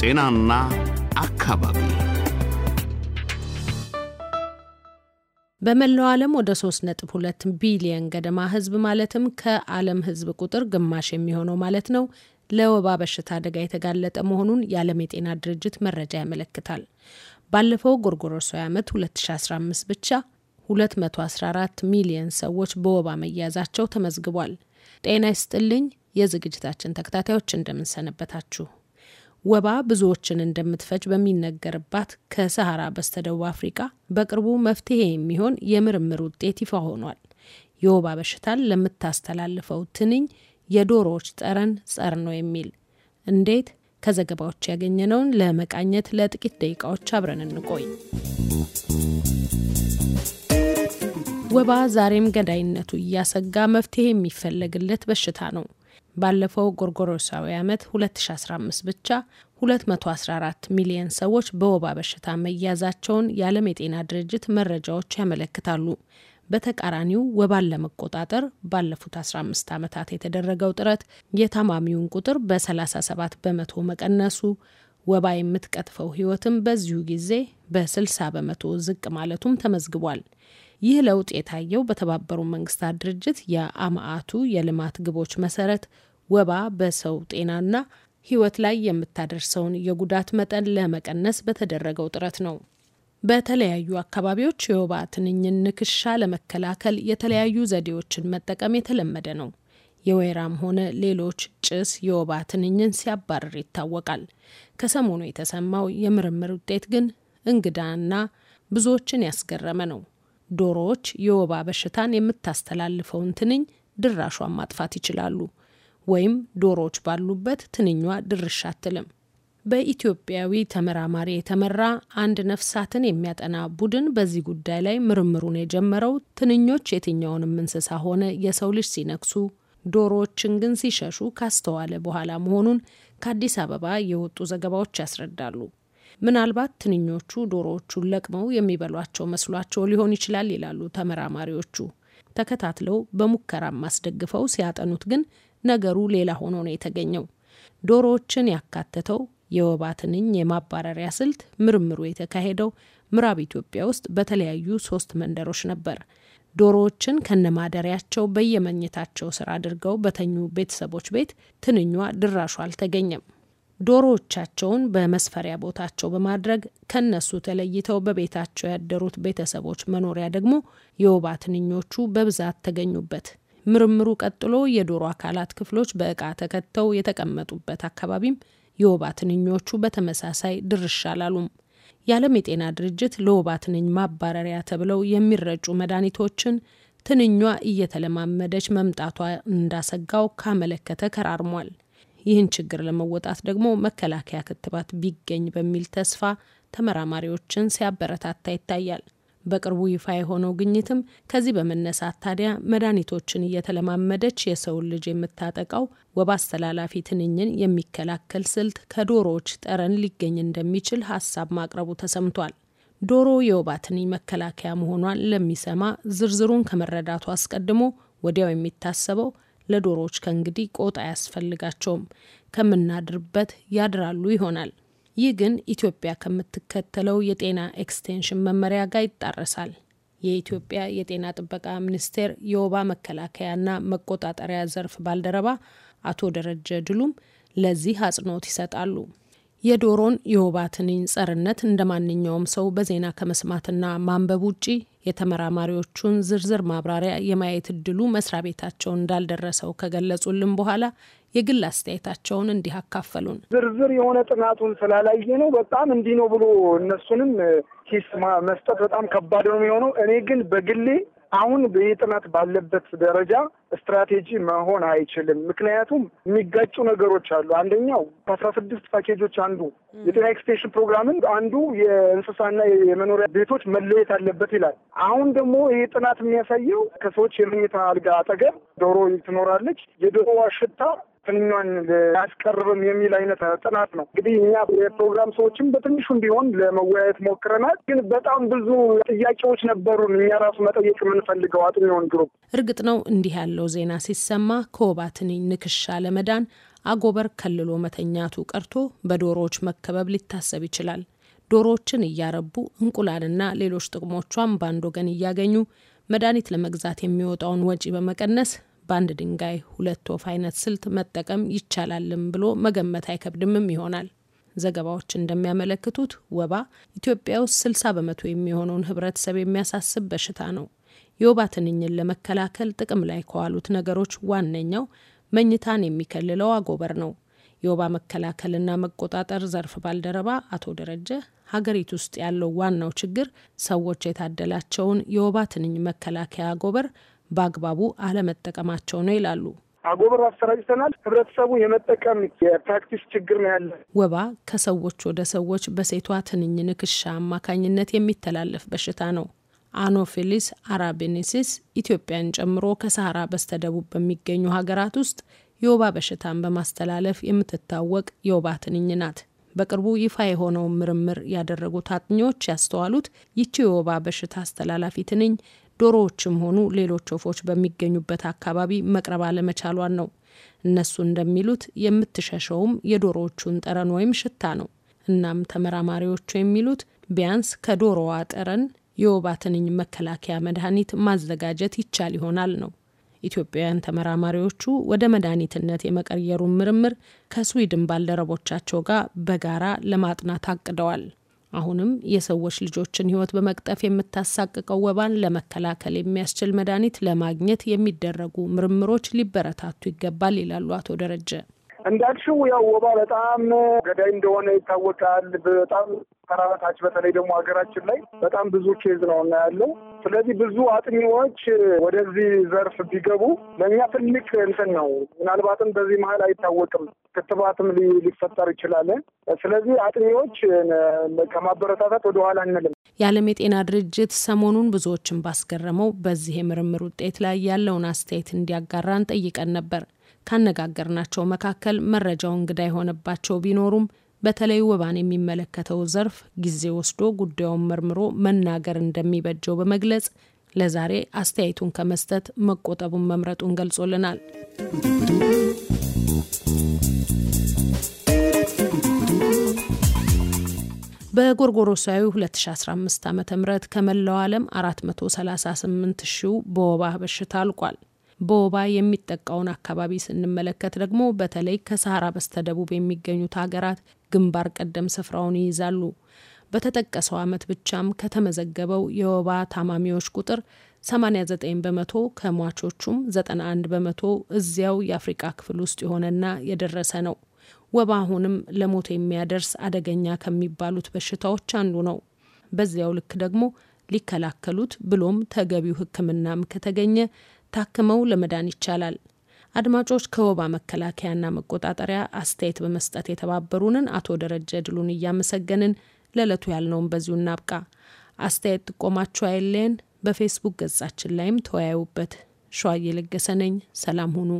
ጤናና አካባቢ በመላው ዓለም ወደ 3.2 ቢሊየን ገደማ ህዝብ ማለትም ከዓለም ህዝብ ቁጥር ግማሽ የሚሆነው ማለት ነው ለወባ በሽታ አደጋ የተጋለጠ መሆኑን የዓለም የጤና ድርጅት መረጃ ያመለክታል። ባለፈው ጎርጎሮሳዊ ዓመት 2015 ብቻ 214 ሚሊየን ሰዎች በወባ መያዛቸው ተመዝግቧል። ጤና ይስጥልኝ የዝግጅታችን ተከታታዮች እንደምንሰነበታችሁ። ወባ ብዙዎችን እንደምትፈጅ በሚነገርባት ከሰሃራ በስተደቡብ አፍሪካ በቅርቡ መፍትሄ የሚሆን የምርምር ውጤት ይፋ ሆኗል። የወባ በሽታን ለምታስተላልፈው ትንኝ የዶሮዎች ጠረን ጸር ነው የሚል እንዴት ከዘገባዎች ያገኘነውን ለመቃኘት ለጥቂት ደቂቃዎች አብረን እንቆይ። ወባ ዛሬም ገዳይነቱ እያሰጋ መፍትሄ የሚፈለግለት በሽታ ነው። ባለፈው ጎርጎሮሳዊ ዓመት 2015 ብቻ 214 ሚሊየን ሰዎች በወባ በሽታ መያዛቸውን የዓለም የጤና ድርጅት መረጃዎች ያመለክታሉ። በተቃራኒው ወባን ለመቆጣጠር ባለፉት 15 ዓመታት የተደረገው ጥረት የታማሚውን ቁጥር በ37 በመቶ መቀነሱ ወባ የምትቀጥፈው ሕይወትም በዚሁ ጊዜ በ60 በመቶ ዝቅ ማለቱም ተመዝግቧል። ይህ ለውጥ የታየው በተባበሩ መንግስታት ድርጅት የአማአቱ የልማት ግቦች መሰረት ወባ በሰው ጤናና ህይወት ላይ የምታደርሰውን የጉዳት መጠን ለመቀነስ በተደረገው ጥረት ነው። በተለያዩ አካባቢዎች የወባ ትንኝን ንክሻ ለመከላከል የተለያዩ ዘዴዎችን መጠቀም የተለመደ ነው። የወይራም ሆነ ሌሎች ጭስ የወባ ትንኝን ሲያባርር ይታወቃል። ከሰሞኑ የተሰማው የምርምር ውጤት ግን እንግዳና ብዙዎችን ያስገረመ ነው። ዶሮዎች የወባ በሽታን የምታስተላልፈውን ትንኝ ድራሿን ማጥፋት ይችላሉ። ወይም ዶሮዎች ባሉበት ትንኛ ድርሽ አትልም። በኢትዮጵያዊ ተመራማሪ የተመራ አንድ ነፍሳትን የሚያጠና ቡድን በዚህ ጉዳይ ላይ ምርምሩን የጀመረው ትንኞች የትኛውንም እንስሳ ሆነ የሰው ልጅ ሲነክሱ፣ ዶሮዎችን ግን ሲሸሹ ካስተዋለ በኋላ መሆኑን ከአዲስ አበባ የወጡ ዘገባዎች ያስረዳሉ። ምናልባት ትንኞቹ ዶሮዎቹን ለቅመው የሚበሏቸው መስሏቸው ሊሆን ይችላል ይላሉ ተመራማሪዎቹ። ተከታትለው በሙከራም አስደግፈው ሲያጠኑት ግን ነገሩ ሌላ ሆኖ ነው የተገኘው። ዶሮዎችን ያካተተው የወባ ትንኝ የማባረሪያ ስልት ምርምሩ የተካሄደው ምዕራብ ኢትዮጵያ ውስጥ በተለያዩ ሶስት መንደሮች ነበር። ዶሮዎችን ከነማደሪያቸው በየመኝታቸው ስር አድርገው በተኙ ቤተሰቦች ቤት ትንኟ ድራሿ አልተገኘም። ዶሮዎቻቸውን በመስፈሪያ ቦታቸው በማድረግ ከነሱ ተለይተው በቤታቸው ያደሩት ቤተሰቦች መኖሪያ ደግሞ የወባ ትንኞቹ በብዛት ተገኙበት። ምርምሩ ቀጥሎ የዶሮ አካላት ክፍሎች በእቃ ተከተው የተቀመጡበት አካባቢም የወባ ትንኞቹ በተመሳሳይ ድርሻ አላሉም። የዓለም የጤና ድርጅት ለወባ ትንኝ ማባረሪያ ተብለው የሚረጩ መድኃኒቶችን ትንኟ እየተለማመደች መምጣቷ እንዳሰጋው ካመለከተ ከራርሟል። ይህን ችግር ለመወጣት ደግሞ መከላከያ ክትባት ቢገኝ በሚል ተስፋ ተመራማሪዎችን ሲያበረታታ ይታያል። በቅርቡ ይፋ የሆነው ግኝትም ከዚህ በመነሳት ታዲያ መድኃኒቶችን እየተለማመደች የሰውን ልጅ የምታጠቃው ወባ አስተላላፊ ትንኝን የሚከላከል ስልት ከዶሮዎች ጠረን ሊገኝ እንደሚችል ሀሳብ ማቅረቡ ተሰምቷል። ዶሮ የወባ ትንኝ መከላከያ መሆኗን ለሚሰማ ዝርዝሩን ከመረዳቱ አስቀድሞ ወዲያው የሚታሰበው ለዶሮዎች ከእንግዲህ ቆጥ አያስፈልጋቸውም፣ ከምናድርበት ያድራሉ ይሆናል። ይህ ግን ኢትዮጵያ ከምትከተለው የጤና ኤክስቴንሽን መመሪያ ጋር ይጣረሳል። የኢትዮጵያ የጤና ጥበቃ ሚኒስቴር የወባ መከላከያና መቆጣጠሪያ ዘርፍ ባልደረባ አቶ ደረጀ ድሉም ለዚህ አጽንኦት ይሰጣሉ። የዶሮን የወባ ትንኝ ጸርነት እንደ ማንኛውም ሰው በዜና ከመስማትና ማንበብ ውጪ የተመራማሪዎቹን ዝርዝር ማብራሪያ የማየት እድሉ መስሪያ ቤታቸው እንዳልደረሰው ከገለጹልን በኋላ የግል አስተያየታቸውን እንዲህ አካፈሉን። ዝርዝር የሆነ ጥናቱን ስላላየ ነው በጣም እንዲህ ነው ብሎ እነሱንም ኪስ መስጠት በጣም ከባድ ነው የሚሆነው። እኔ ግን በግሌ አሁን የጥናት ባለበት ደረጃ ስትራቴጂ መሆን አይችልም። ምክንያቱም የሚጋጩ ነገሮች አሉ። አንደኛው ከአስራ ስድስት ፓኬጆች አንዱ የጤና ኤክስቴንሽን ፕሮግራምን አንዱ የእንስሳና የመኖሪያ ቤቶች መለየት አለበት ይላል። አሁን ደግሞ ይህ ጥናት የሚያሳየው ከሰዎች የመኝታ አልጋ አጠገብ ዶሮ ትኖራለች። የዶሮዋ ሽታ ትንኛን አያስቀርብም የሚል አይነት ጥናት ነው። እንግዲህ እኛ የፕሮግራም ሰዎችም በትንሹም ቢሆን ለመወያየት ሞክረናል። ግን በጣም ብዙ ጥያቄዎች ነበሩን እኛ ራሱ መጠየቅ የምንፈልገው አጥኚውን ግሩፕ። እርግጥ ነው እንዲህ ያለው ዜና ሲሰማ ከወባ ትንኝ ንክሻ ለመዳን አጎበር ከልሎ መተኛቱ ቀርቶ በዶሮዎች መከበብ ሊታሰብ ይችላል። ዶሮዎችን እያረቡ እንቁላልና ሌሎች ጥቅሞቿን በአንድ ወገን እያገኙ መድኃኒት ለመግዛት የሚወጣውን ወጪ በመቀነስ በአንድ ድንጋይ ሁለት ወፍ አይነት ስልት መጠቀም ይቻላልም ብሎ መገመት አይከብድምም ይሆናል። ዘገባዎች እንደሚያመለክቱት ወባ ኢትዮጵያ ውስጥ 60 በመቶ የሚሆነውን ህብረተሰብ የሚያሳስብ በሽታ ነው። የወባ ትንኝን ለመከላከል ጥቅም ላይ ከዋሉት ነገሮች ዋነኛው መኝታን የሚከልለው አጎበር ነው። የወባ መከላከልና መቆጣጠር ዘርፍ ባልደረባ አቶ ደረጀ ሀገሪቱ ውስጥ ያለው ዋናው ችግር ሰዎች የታደላቸውን የወባ ትንኝ መከላከያ አጎበር በአግባቡ አለመጠቀማቸው ነው ይላሉ። አጎበር አሰራጭተናል። ህብረተሰቡ የመጠቀም የፕራክቲስ ችግር ነው ያለ። ወባ ከሰዎች ወደ ሰዎች በሴቷ ትንኝ ንክሻ አማካኝነት የሚተላለፍ በሽታ ነው። አኖፊሊስ አራቢኒሲስ ኢትዮጵያን ጨምሮ ከሰሃራ በስተደቡብ በሚገኙ ሀገራት ውስጥ የወባ በሽታን በማስተላለፍ የምትታወቅ የወባ ትንኝ ናት። በቅርቡ ይፋ የሆነውን ምርምር ያደረጉት አጥኚዎች ያስተዋሉት ይቺ የወባ በሽታ አስተላላፊ ትንኝ ዶሮዎችም ሆኑ ሌሎች ወፎች በሚገኙበት አካባቢ መቅረብ አለመቻሏን ነው። እነሱ እንደሚሉት የምትሸሸውም የዶሮዎቹን ጠረን ወይም ሽታ ነው። እናም ተመራማሪዎቹ የሚሉት ቢያንስ ከዶሮዋ ጠረን የወባ ትንኝ መከላከያ መድኃኒት ማዘጋጀት ይቻል ይሆናል ነው። ኢትዮጵያውያን ተመራማሪዎቹ ወደ መድኃኒትነት የመቀየሩን ምርምር ከስዊድን ባልደረቦቻቸው ጋር በጋራ ለማጥናት አቅደዋል። አሁንም የሰዎች ልጆችን ህይወት በመቅጠፍ የምታሳቅቀው ወባን ለመከላከል የሚያስችል መድኃኒት ለማግኘት የሚደረጉ ምርምሮች ሊበረታቱ ይገባል ይላሉ አቶ ደረጀ። እንዳልሽው ያው ወባ በጣም ገዳይ እንደሆነ ይታወቃል። በጣም ተራራታች በተለይ ደግሞ ሀገራችን ላይ በጣም ብዙ ኬዝ ነው እናያለው። ስለዚህ ብዙ አጥኚዎች ወደዚህ ዘርፍ ቢገቡ ለእኛ ትልቅ እንትን ነው። ምናልባትም በዚህ መሀል አይታወቅም፣ ክትባትም ሊፈጠር ይችላል። ስለዚህ አጥኚዎች ከማበረታታት ወደኋላ አንልም። የዓለም የጤና ድርጅት ሰሞኑን ብዙዎችን ባስገረመው በዚህ የምርምር ውጤት ላይ ያለውን አስተያየት እንዲያጋራን ጠይቀን ነበር። ካነጋገርናቸው መካከል መረጃው እንግዳ የሆነባቸው ቢኖሩም በተለይ ወባን የሚመለከተው ዘርፍ ጊዜ ወስዶ ጉዳዩን መርምሮ መናገር እንደሚበጀው በመግለጽ ለዛሬ አስተያየቱን ከመስጠት መቆጠቡን መምረጡን ገልጾልናል። በጎርጎሮሳዊ 2015 ዓ ም ከመላው ዓለም 438 ሺው በወባ በሽታ አልቋል። በወባ የሚጠቃውን አካባቢ ስንመለከት ደግሞ በተለይ ከሰሃራ በስተደቡብ የሚገኙት ሀገራት ግንባር ቀደም ስፍራውን ይይዛሉ። በተጠቀሰው ዓመት ብቻም ከተመዘገበው የወባ ታማሚዎች ቁጥር 89 በመቶ ከሟቾቹም 91 በመቶ እዚያው የአፍሪቃ ክፍል ውስጥ የሆነና የደረሰ ነው። ወባ አሁንም ለሞት የሚያደርስ አደገኛ ከሚባሉት በሽታዎች አንዱ ነው። በዚያው ልክ ደግሞ ሊከላከሉት ብሎም ተገቢው ሕክምናም ከተገኘ ታክመው ለመዳን ይቻላል። አድማጮች ከወባ መከላከያና መቆጣጠሪያ አስተያየት በመስጠት የተባበሩንን አቶ ደረጀ ድሉን እያመሰገንን ለዕለቱ ያልነውን በዚሁ እናብቃ። አስተያየት ጥቆማችሁ አይለየን። በፌስቡክ ገጻችን ላይም ተወያዩበት። ሸዋዬ ለገሰ ነኝ። ሰላም ሁኑ።